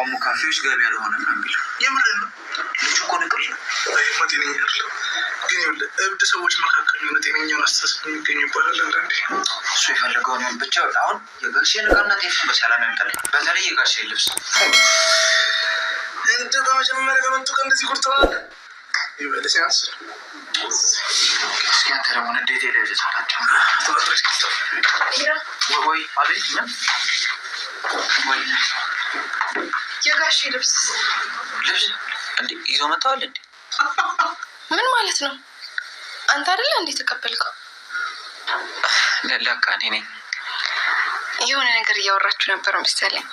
ከተቋሙ ካፌዎች ገቢ ያልሆነ ነው የሚለው የምር ነው። ልጁ እኮ ንቅል ነው። ይህማ ጤነኛ አይደለም። ግን እብድ ሰዎች መካከል የሆነ ጤነኛን አስተሳሰብ የሚገኙ ይባላል። አንዳንዴ እሱ የፈለገውን ሆን ብቻ። አሁን የገብሴ ንቃና ጤፍን በሰላም ያምጣልኝ። በተለይ የገብሴ ልብስ እንደ በመጀመሪያ ከመንቱ ቀን እንደዚህ ጉርተዋል ይበለ ሲያንስ እስኪያንተ ደግሞ ንዴት የለ ልሳላቸው ወይ አቤት ምን ወይ የጋሽ ልብስ ልብስ እንዴ ይዞ መጥተዋል እንዴ? ምን ማለት ነው? አንተ አደለ እንዴ ተቀበልከው? ለካ እኔ ነኝ። የሆነ ነገር እያወራችሁ ነበር መሰለኝ።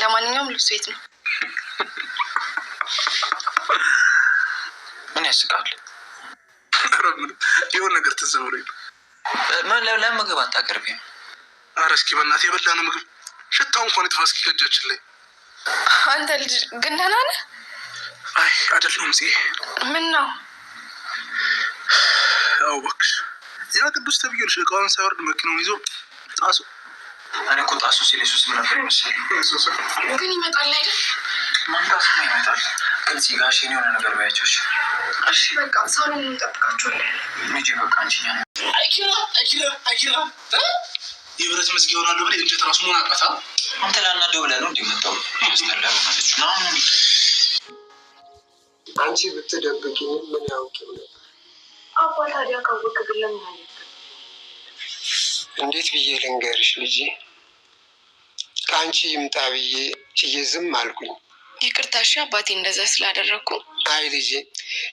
ለማንኛውም ልብስ ቤት ነው? ምን ያስቃል? የሆነ ነገር ትዝ ነው። ለምግብ አታቀርቢም? አረ እስኪ በእናትህ የበላነው ምግብ ሽታው እንኳን የተፋስኪ ከእጃችን ላይ አንተ ልጅ ግን ደህና ነህ? አይ አይደለሁም። ዜ ምን ነው? ያው እባክሽ ዜና ቅዱስ ተብዬልሽ እቃውን ሳይወርድ መኪናውን ይዞ ጣሱ። እኔ እኮ ጣሱ ሲል የሱስ ምን ነበር ይመስል ግን ይመጣል አይደል? መምጣት ነው ይመጣል። ግን ሲጋሽ የሆነ ነገር ባያቸውሽ። እሺ በቃ ሳሎን እንጠብቃቸዋለን። ልጅ በቃ አንችኛ አይኪራ አይኪራ አይኪራ የብረት መዝጊያ ይሆናሉ ብለ እንጨት ራሱ መሆን አቃታ አንተ ላናደው ብለህ ነው እንዲመጣው ያስጠላ ማለች ና አንቺ ብትደብቂ ምን ያውቂው ነበር? አባ ታዲያ ካወቅ ግን ለምን እንዴት ብዬ ልንገርሽ ልጄ፣ ከአንቺ ይምጣ ብዬ ችዬ ዝም አልኩኝ። ይቅርታሽ አባቴ እንደዛ ስላደረግኩ። አይ ልጄ፣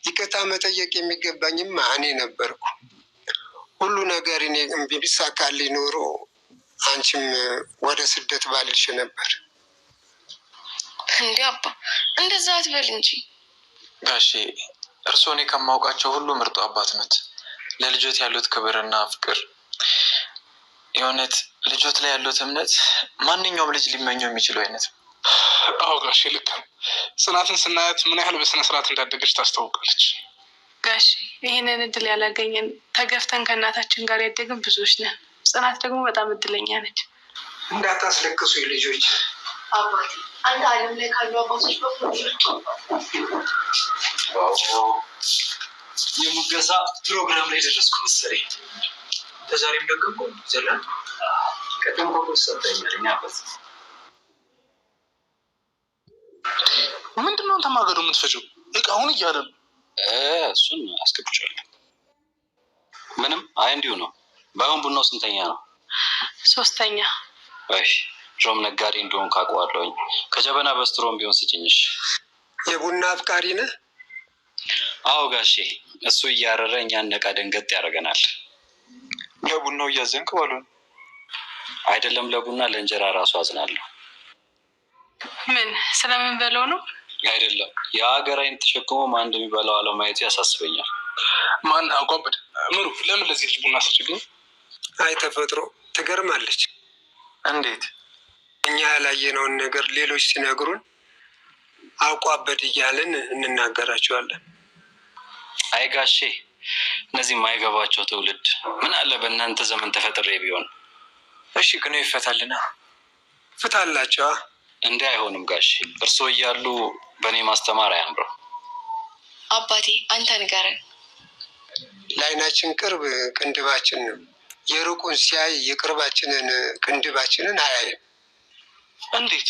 ይቅርታ መጠየቅ የሚገባኝማ እኔ ነበርኩ። ሁሉ ነገር እኔ ቢሳካልኝ ኖሮ አንቺም ወደ ስደት ባልሽ ነበር። እንዲ አባ እንደዛ አትበል እንጂ ጋሼ፣ እርስዎ እኔ ከማውቃቸው ሁሉ ምርጡ አባት ነት። ለልጆት ያሉት ክብርና ፍቅር የእውነት ልጆት ላይ ያሉት እምነት ማንኛውም ልጅ ሊመኘው የሚችለው አይነት ነው። አዎ ልክ ነው። ጽናትን ስናያት ምን ያህል በስነ ስርዓት እንዳደገች ታስታውቃለች። ጋሽ ይህንን እድል ያላገኘን ተገፍተን ከእናታችን ጋር ያደግን ብዙዎች ነን። ጽናት ደግሞ በጣም እድለኛ ነች። እንዳታስለቅሱ ልጆች። አንድ ዓለም ላይ ካሉ አባቶች የሙገሳ ፕሮግራም ላይ ደረስኩ መሰለኝ። ተዛሬም ደገምኩ ዘላ ቀደም ምንድነው ተማገዱ የምትፈጭው እቃ አሁን እያለ እሱን አስገብቻለሁ። ምንም አይ እንዲሁ ነው በአሁን ቡናው ስንተኛ ነው? ሶስተኛ። እሺ ድሮም ነጋዴ እንደሆን ካውቀዋለሁኝ። ከጀበና በስትሮም ቢሆን ስጭኝሽ። የቡና አፍቃሪ ነህ? አዎ ጋሼ፣ እሱ እያረረ እኛን ነቃ ደንገጥ ያደርገናል። ለቡናው እያዘንክ ባሉ አይደለም፣ ለቡና ለእንጀራ ራሱ አዝናለሁ። ምን ስለምንበለው ነው? አይደለም የሀገር አይነት ተሸክሞ ማን እንደሚበላው አለማየቱ ያሳስበኛል። ማን አቋበድ ምሩ፣ ለምን ለዚህ ልጅ ቡና ስጭልኝ አይ ተፈጥሮ ትገርማለች። እንዴት እኛ ያላየነውን ነገር ሌሎች ሲነግሩን አውቋበድ እያልን እንናገራቸዋለን። አይ ጋሼ፣ እነዚህ የማይገባቸው ትውልድ ምን አለ በእናንተ ዘመን ተፈጥሬ ቢሆን። እሺ ግን ይፈታልና ፍታላቸዋ። እንዲህ አይሆንም ጋሼ፣ እርስዎ እያሉ በእኔ ማስተማር አያምረው። አባቴ አንተ ንገረን። ለዓይናችን ቅርብ ቅንድባችን ነው። የሩቁን ሲያይ የቅርባችንን ቅንድባችንን አያይም። እንዴት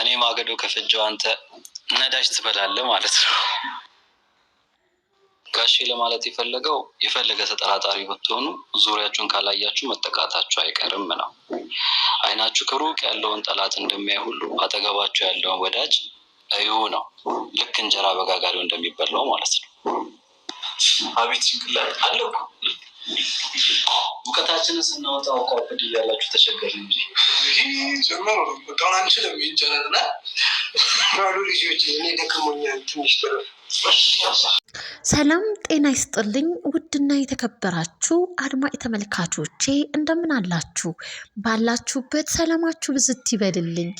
እኔ ማገዶ ከፈጀው አንተ ነዳጅ ትበላለህ ማለት ነው። ጋሼ ለማለት የፈለገው የፈለገ ተጠራጣሪ ብትሆኑ ዙሪያችሁን ካላያችሁ መጠቃታችሁ አይቀርም ነው። አይናችሁ ከሩቅ ያለውን ጠላት እንደሚያይ ሁሉ አጠገባችሁ ያለውን ወዳጅ እዩ ነው። ልክ እንጀራ በጋጋሪው እንደሚበላው ማለት ነው። አቤት ችግር እውቀታችንን ስናወጣ አውቃብድ እያላችሁ ተቸገር እንጂ ጀመሩ በጣም አንችልም። ይንጨረርና ራሉ ልጆች እኔ ደክሞኛል ትንሽ ጥረፍ ሰላም ጤና ይስጥልኝ። ውድና የተከበራችሁ አድማጭ ተመልካቾቼ እንደምን አላችሁ? ባላችሁበት ሰላማችሁ ብዝት ይበልልኝ።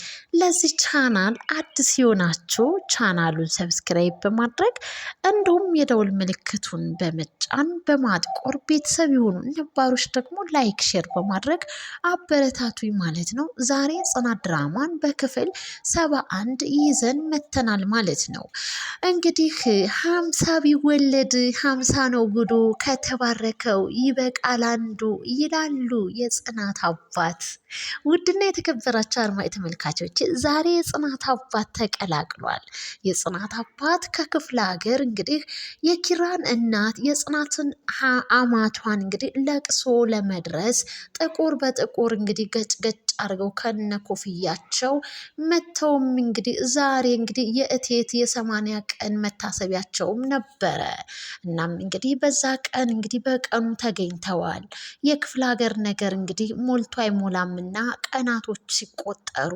ለዚህ ቻናል አዲስ የሆናችሁ ቻናሉን ሰብስክራይብ በማድረግ እንዲሁም የደውል ምልክቱን በመጫን በማጥቆር ቤተሰብ የሆኑ ነባሮች ደግሞ ላይክ፣ ሼር በማድረግ አበረታቱኝ ማለት ነው። ዛሬ ጽናት ድራማን በክፍል ሰባ አንድ ይዘን መተናል ማለት ነው። እንግዲህ ሀምሳ ሲወለድ ሀምሳ ነው ጉዱ ከተባረከው ይበቃል አንዱ ይላሉ የጽናት አባት። ውድና የተከበራቸው አድማጭ ተመልካቾች ዛሬ የጽናት አባት ተቀላቅሏል። የጽናት አባት ከክፍለ ሀገር እንግዲህ የኪራን እናት የጽናትን አማቷን እንግዲህ ለቅሶ ለመድረስ ጥቁር በጥቁር እንግዲህ ገጭገጭ አድርገው ከነ ኮፍያቸው መጥተውም እንግዲህ ዛሬ እንግዲህ የእቴት የሰማንያ ቀን መታሰቢያቸውም ነበረ። እናም እንግዲህ በዛ ቀን እንግዲህ በቀኑ ተገኝተዋል። የክፍለ ሀገር ነገር እንግዲህ ሞልቶ አይሞላምና ቀናቶች ሲቆጠሩ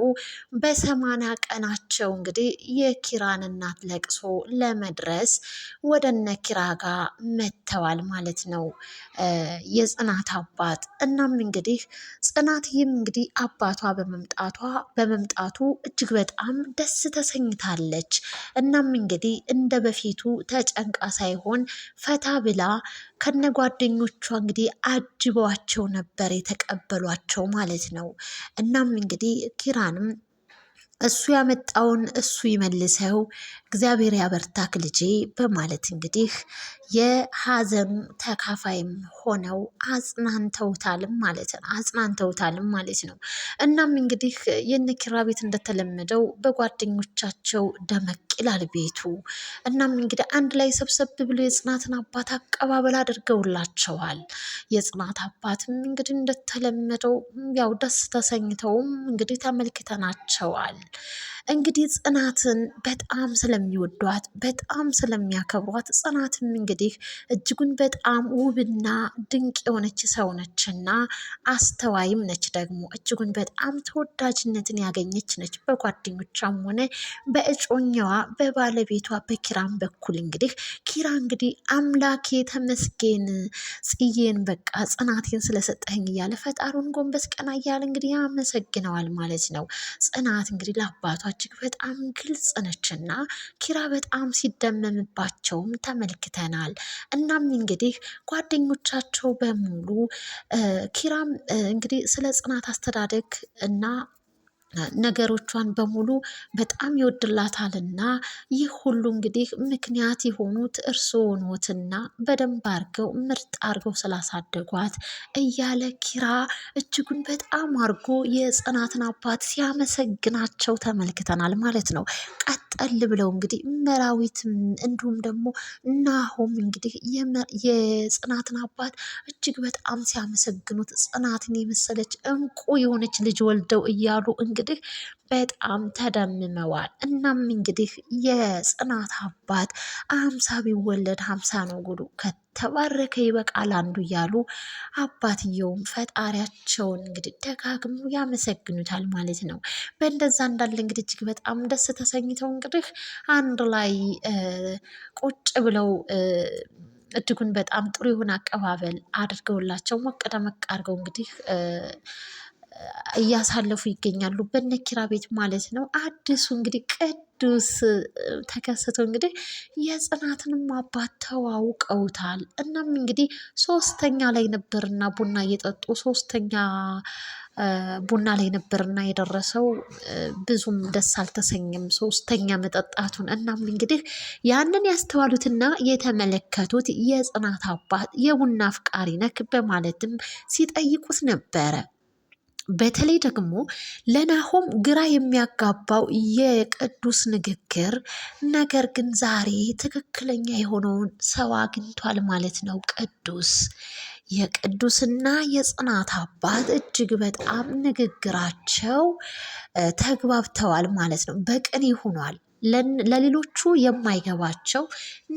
በሰማንያ ቀናቸው እንግዲህ የኪራን እናት ለቅሶ ለመድረስ ወደ ኪራ ጋር መጥተዋል ማለት ነው የጽናት አባት። እናም እንግዲህ ጽናት ይህም እንግዲህ አባቷ በመምጣቷ በመምጣቱ እጅግ በጣም ደስ ተሰኝታለች። እናም እንግዲህ እንደ በፊቱ ተጨንቃ ሳይሆን ፈታ ብላ ከነ ጓደኞቿ እንግዲህ አጅበዋቸው ነበር የተቀበሏቸው ማለት ነው። እናም እንግዲህ ኪራንም እሱ ያመጣውን እሱ ይመልሰው፣ እግዚአብሔር ያበርታክ ልጄ በማለት እንግዲህ የሀዘኑ ተካፋይም ሆነው አጽናንተውታልም ማለት ነው አጽናንተውታልም ማለት ነው። እናም እንግዲህ የነ ኪራ ቤት እንደተለመደው በጓደኞቻቸው ደመቅ ይላል ቤቱ። እናም እንግዲህ አንድ ላይ ሰብሰብ ብሎ የጽናትን አባት አቀባበል አድርገውላቸዋል። የጽናት አባትም እንግዲህ እንደተለመደው ያው ደስ ተሰኝተውም እንግዲህ ተመልክተናቸዋል። እንግዲህ ጽናትን በጣም ስለሚወዷት በጣም ስለሚያከብሯት ጽናትም እንግዲህ እንግዲህ እጅጉን በጣም ውብና ድንቅ የሆነች ሰው ነችና አስተዋይም ነች። ደግሞ እጅጉን በጣም ተወዳጅነትን ያገኘች ነች። በጓደኞቿም ሆነ በእጮኛዋ በባለቤቷ በኪራም በኩል እንግዲህ ኪራ እንግዲህ አምላኬ ተመስገን ጽዬን በቃ ጽናቴን ስለሰጠኝ እያለ ፈጣሩን ጎንበስ ቀና እያለ እንግዲህ ያመሰግነዋል ማለት ነው። ጽናት እንግዲህ ለአባቷ እጅግ በጣም ግልጽ ነችና ኪራ በጣም ሲደመምባቸውም ተመልክተናል። ይሆናል። እናም እንግዲህ ጓደኞቻቸው በሙሉ ኪራም እንግዲህ ስለ ጽናት አስተዳደግ እና ነገሮቿን በሙሉ በጣም ይወድላታልና ይህ ሁሉ እንግዲህ ምክንያት የሆኑት ሆኖትና በደንብ አርገው ምርጥ አርገው ስላሳደጓት እያለ ኪራ እጅጉን በጣም አርጎ የጽናትን አባት ሲያመሰግናቸው ተመልክተናል ማለት ነው። ቀጠል ብለው እንግዲህ መራዊት እንዲሁም ደግሞ ናሆም እንግዲህ የጽናትን አባት እጅግ በጣም ሲያመሰግኑት ጽናትን የመሰለች እንቁ የሆነች ልጅ ወልደው እያሉ እንግዲህ በጣም ተደምመዋል። እናም እንግዲህ የጽናት አባት አምሳ ቢወለድ ሀምሳ ነው ጉዱ ከተባረከ ይበቃል አንዱ እያሉ አባትየውም ፈጣሪያቸውን እንግዲህ ደጋግሞ ያመሰግኑታል ማለት ነው። በእንደዛ እንዳለ እንግዲህ እጅግ በጣም ደስ ተሰኝተው እንግዲህ አንድ ላይ ቁጭ ብለው እጅጉን በጣም ጥሩ የሆነ አቀባበል አድርገውላቸው ሞቅ ደመቅ አድርገው እንግዲህ እያሳለፉ ይገኛሉ። በነኪራ ቤት ማለት ነው። አዲሱ እንግዲህ ቅዱስ ተከስቶ እንግዲህ የጽናትንም አባት ተዋውቀውታል። እናም እንግዲህ ሶስተኛ ላይ ነበርና ቡና እየጠጡ ሶስተኛ ቡና ላይ ነበርና የደረሰው ብዙም ደስ አልተሰኘም፣ ሶስተኛ መጠጣቱን። እናም እንግዲህ ያንን ያስተዋሉትና የተመለከቱት የጽናት አባት የቡና አፍቃሪ ነክ በማለትም ሲጠይቁት ነበረ። በተለይ ደግሞ ለናሆም ግራ የሚያጋባው የቅዱስ ንግግር፣ ነገር ግን ዛሬ ትክክለኛ የሆነውን ሰው አግኝቷል ማለት ነው ቅዱስ የቅዱስና የጽናት አባት እጅግ በጣም ንግግራቸው ተግባብተዋል ማለት ነው። በቅን ሆኗል። ለሌሎቹ የማይገባቸው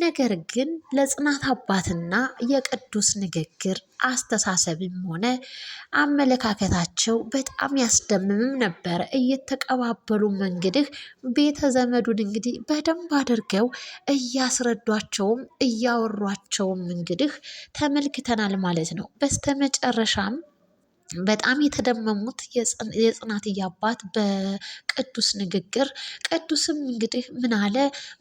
ነገር ግን ለጽናት አባትና የቅዱስ ንግግር አስተሳሰብም ሆነ አመለካከታቸው በጣም ያስደምምም ነበር። እየተቀባበሉም እንግዲህ ቤተ ዘመዱን እንግዲህ በደንብ አድርገው እያስረዷቸውም እያወሯቸውም እንግዲህ ተመልክተናል ማለት ነው። በስተመጨረሻም በጣም የተደመሙት የጽናትዬ አባት በቅዱስ ንግግር። ቅዱስም እንግዲህ ምን አለ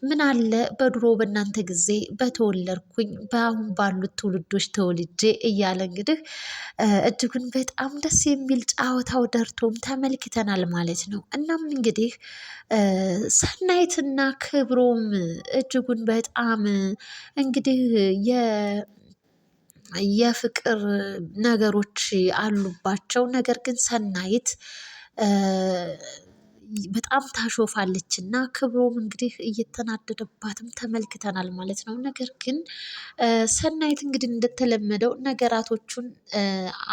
ምን አለ በድሮ በእናንተ ጊዜ በተወለድኩኝ በአሁን ባሉት ትውልዶች ተወልጄ እያለ እንግዲህ እጅጉን በጣም ደስ የሚል ጫወታው ደርቶም ተመልክተናል ማለት ነው። እናም እንግዲህ ሰናይትና ክብሮም እጅጉን በጣም እንግዲህ የፍቅር ነገሮች አሉባቸው። ነገር ግን ሰናይት በጣም ታሾፋለች እና ክብሮም እንግዲህ እየተናደደባትም ተመልክተናል ማለት ነው። ነገር ግን ሰናይት እንግዲህ እንደተለመደው ነገራቶቹን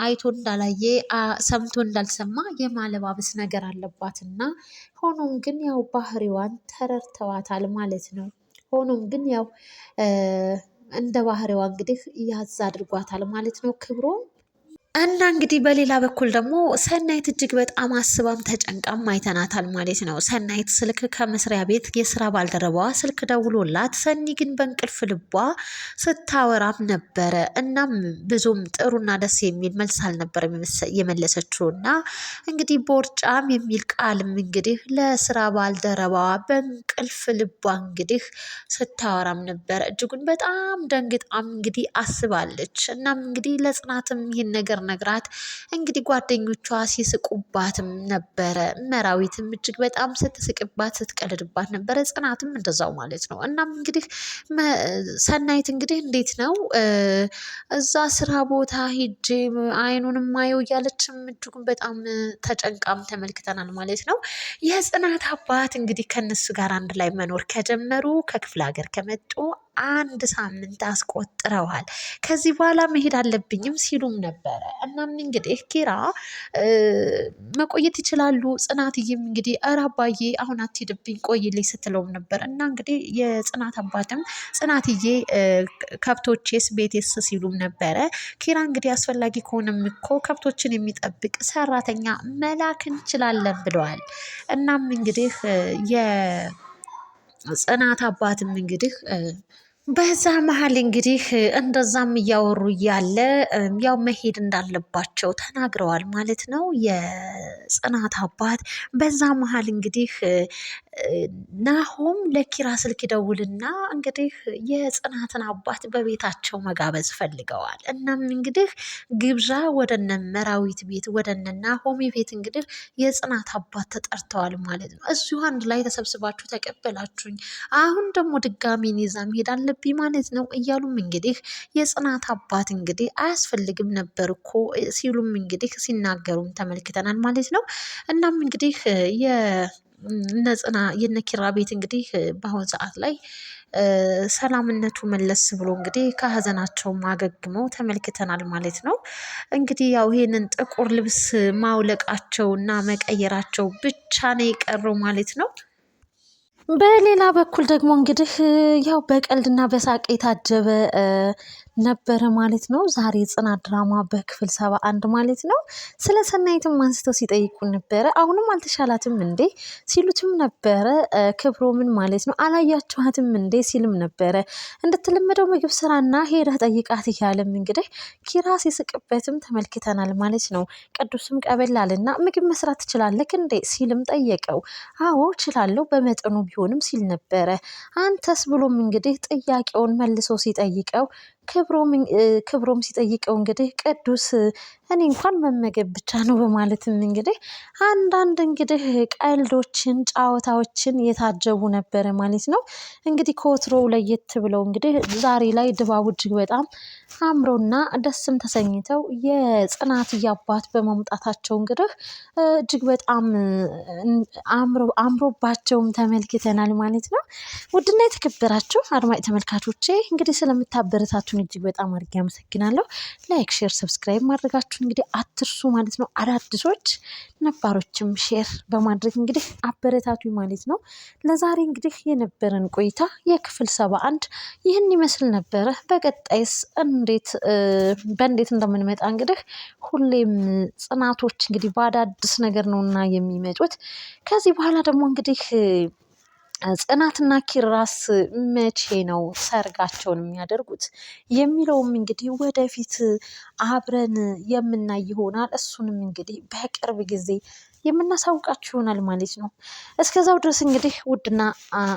አይቶ እንዳላየ ሰምቶ እንዳልሰማ የማለባበስ ነገር አለባት እና ሆኖም ግን ያው ባህሪዋን ተረድተዋታል ማለት ነው። ሆኖም ግን ያው እንደ ባህሪዋ እንግዲህ ያዝ አድርጓታል ማለት ነው። ክብሮም እና እንግዲህ በሌላ በኩል ደግሞ ሰናይት እጅግ በጣም አስባም ተጨንቃም አይተናታል ማለት ነው። ሰናይት ስልክ ከመስሪያ ቤት የስራ ባልደረባዋ ስልክ ደውሎላት፣ ሰኒ ግን በእንቅልፍ ልቧ ስታወራም ነበረ። እናም ብዙም ጥሩና ደስ የሚል መልስ አልነበረም የመለሰችው እና እንግዲህ ቦርጫም የሚል ቃልም እንግዲህ ለስራ ባልደረባዋ በእንቅልፍ ልቧ እንግዲህ ስታወራም ነበረ። እጅጉን በጣም ደንግጣም እንግዲህ አስባለች። እናም እንግዲህ ለጽናትም ይህን ነገር ስትነግራት እንግዲህ ጓደኞቿ ሲስቁባትም ነበረ። መራዊትም እጅግ በጣም ስትስቅባት ስትቀልድባት ነበረ። ጽናትም እንደዛው ማለት ነው። እናም እንግዲህ ሰናይት እንግዲህ እንዴት ነው እዛ ስራ ቦታ ሂጄ አይኑንም ማየው እያለችም እጅጉን በጣም ተጨንቃም ተመልክተናል ማለት ነው። የጽናት አባት እንግዲህ ከነሱ ጋር አንድ ላይ መኖር ከጀመሩ ከክፍለ ሀገር ከመጡ አንድ ሳምንት አስቆጥረዋል። ከዚህ በኋላ መሄድ አለብኝም ሲሉም ነበረ። እናም እንግዲህ ኪራ መቆየት ይችላሉ። ጽናትዬም እንግዲህ ኧረ አባዬ አሁን አትሄድብኝ ቆይልኝ ስትለውም ነበር እና እንግዲህ የጽናት አባትም ጽናትዬ ከብቶቼስ ቤቴስ ሲሉም ነበረ። ኪራ እንግዲህ አስፈላጊ ከሆነም እኮ ከብቶችን የሚጠብቅ ሰራተኛ መላክ እንችላለን ብለዋል። እናም እንግዲህ የጽናት አባትም እንግዲህ በዛ መሀል እንግዲህ እንደዛም እያወሩ እያለ ያው መሄድ እንዳለባቸው ተናግረዋል ማለት ነው የጽናት አባት። በዛ መሀል እንግዲህ ናሆም ለኪራ ስልክ ደውልና እንግዲህ የጽናትን አባት በቤታቸው መጋበዝ ፈልገዋል። እናም እንግዲህ ግብዣ ወደነ መራዊት ቤት ወደነ ናሆም ቤት እንግዲህ የጽናት አባት ተጠርተዋል ማለት ነው። እዚሁ አንድ ላይ ተሰብስባችሁ ተቀበላችሁኝ፣ አሁን ደግሞ ድጋሚ ይዛ መሄድ አለብኝ ማለት ነው እያሉም እንግዲህ የጽናት አባት እንግዲህ አያስፈልግም ነበር እኮ ሲሉም እንግዲህ ሲናገሩም ተመልክተናል ማለት ነው። እናም እንግዲህ እነ ጽና የነ ኪራ ቤት እንግዲህ በአሁን ሰዓት ላይ ሰላምነቱ መለስ ብሎ እንግዲህ ከሀዘናቸው አገግመው ተመልክተናል ማለት ነው። እንግዲህ ያው ይህንን ጥቁር ልብስ ማውለቃቸው እና መቀየራቸው ብቻ ነው የቀረው ማለት ነው። በሌላ በኩል ደግሞ እንግዲህ ያው በቀልድና በሳቅ የታጀበ ነበረ ማለት ነው። ዛሬ ጽናት ድራማ በክፍል ሰባ አንድ ማለት ነው። ስለ ሰናይትም አንስተው ሲጠይቁ ነበረ። አሁንም አልተሻላትም እንዴ ሲሉትም ነበረ። ክብሮምን ማለት ነው አላያችኋትም እንዴ ሲልም ነበረ። እንደተለመደው ምግብ ስራና ሄደህ ጠይቃት እያለም እንግዲህ ኪራ ሲስቅበትም ተመልክተናል ማለት ነው። ቅዱስም ቀበላልና ምግብ መስራት ትችላለህ እንዴ ሲልም ጠየቀው። አዎ እችላለሁ በመጠኑ ቢሆንም ሲል ነበረ። አንተስ ብሎም እንግዲህ ጥያቄውን መልሶ ሲጠይቀው ክብሮም ሲጠይቀው እንግዲህ ቅዱስ እኔ እንኳን መመገብ ብቻ ነው በማለትም እንግዲህ አንዳንድ እንግዲህ ቀልዶችን ጫወታዎችን የታጀቡ ነበረ ማለት ነው። እንግዲህ ከወትሮው ለየት ብለው እንግዲህ ዛሬ ላይ ድባቡ እጅግ በጣም አምሮና ደስም ተሰኝተው የጽናት እያባት በመምጣታቸው እንግዲህ እጅግ በጣም አምሮባቸውም ተመልክተናል ማለት ነው። ውድና የተከበራችሁ አድማጭ ተመልካቾቼ እንግዲህ ስለምታበረታቱን እጅግ በጣም አድርጌ አመሰግናለሁ። ላይክ፣ ሼር፣ ሰብስክራይብ ማድረጋችሁ እንግዲህ አትርሱ ማለት ነው። አዳዲሶች ነባሮችም ሼር በማድረግ እንግዲህ አበረታቱ ማለት ነው። ለዛሬ እንግዲህ የነበረን ቆይታ የክፍል ሰባ አንድ ይህን ይመስል ነበረ። በቀጣይስ እንዴት በእንዴት እንደምንመጣ እንግዲህ ሁሌም ጽናቶች እንግዲህ በአዳዲስ ነገር ነውና የሚመጡት ከዚህ በኋላ ደግሞ እንግዲህ ጽናትና ኪራስ መቼ ነው ሰርጋቸውን የሚያደርጉት የሚለውም እንግዲህ ወደፊት አብረን የምናይ ይሆናል። እሱንም እንግዲህ በቅርብ ጊዜ የምናሳውቃችሁ ይሆናል ማለት ነው። እስከዛው ድረስ እንግዲህ ውድና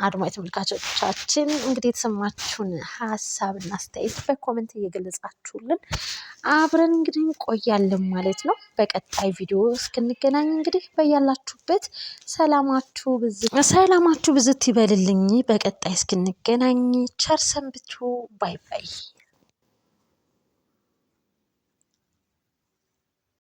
አድማጭ ተመልካቾቻችን እንግዲህ የተሰማችሁን ሀሳብና አስተያየት በኮመንት እየገለጻችሁልን አብረን እንግዲህ እንቆያለን ማለት ነው። በቀጣይ ቪዲዮ እስክንገናኝ እንግዲህ በያላችሁበት ሰላማችሁ ብዝት ሰላማችሁ ብዝት ይበልልኝ። በቀጣይ እስክንገናኝ ቸር ሰንብቱ። ባይ ባይ።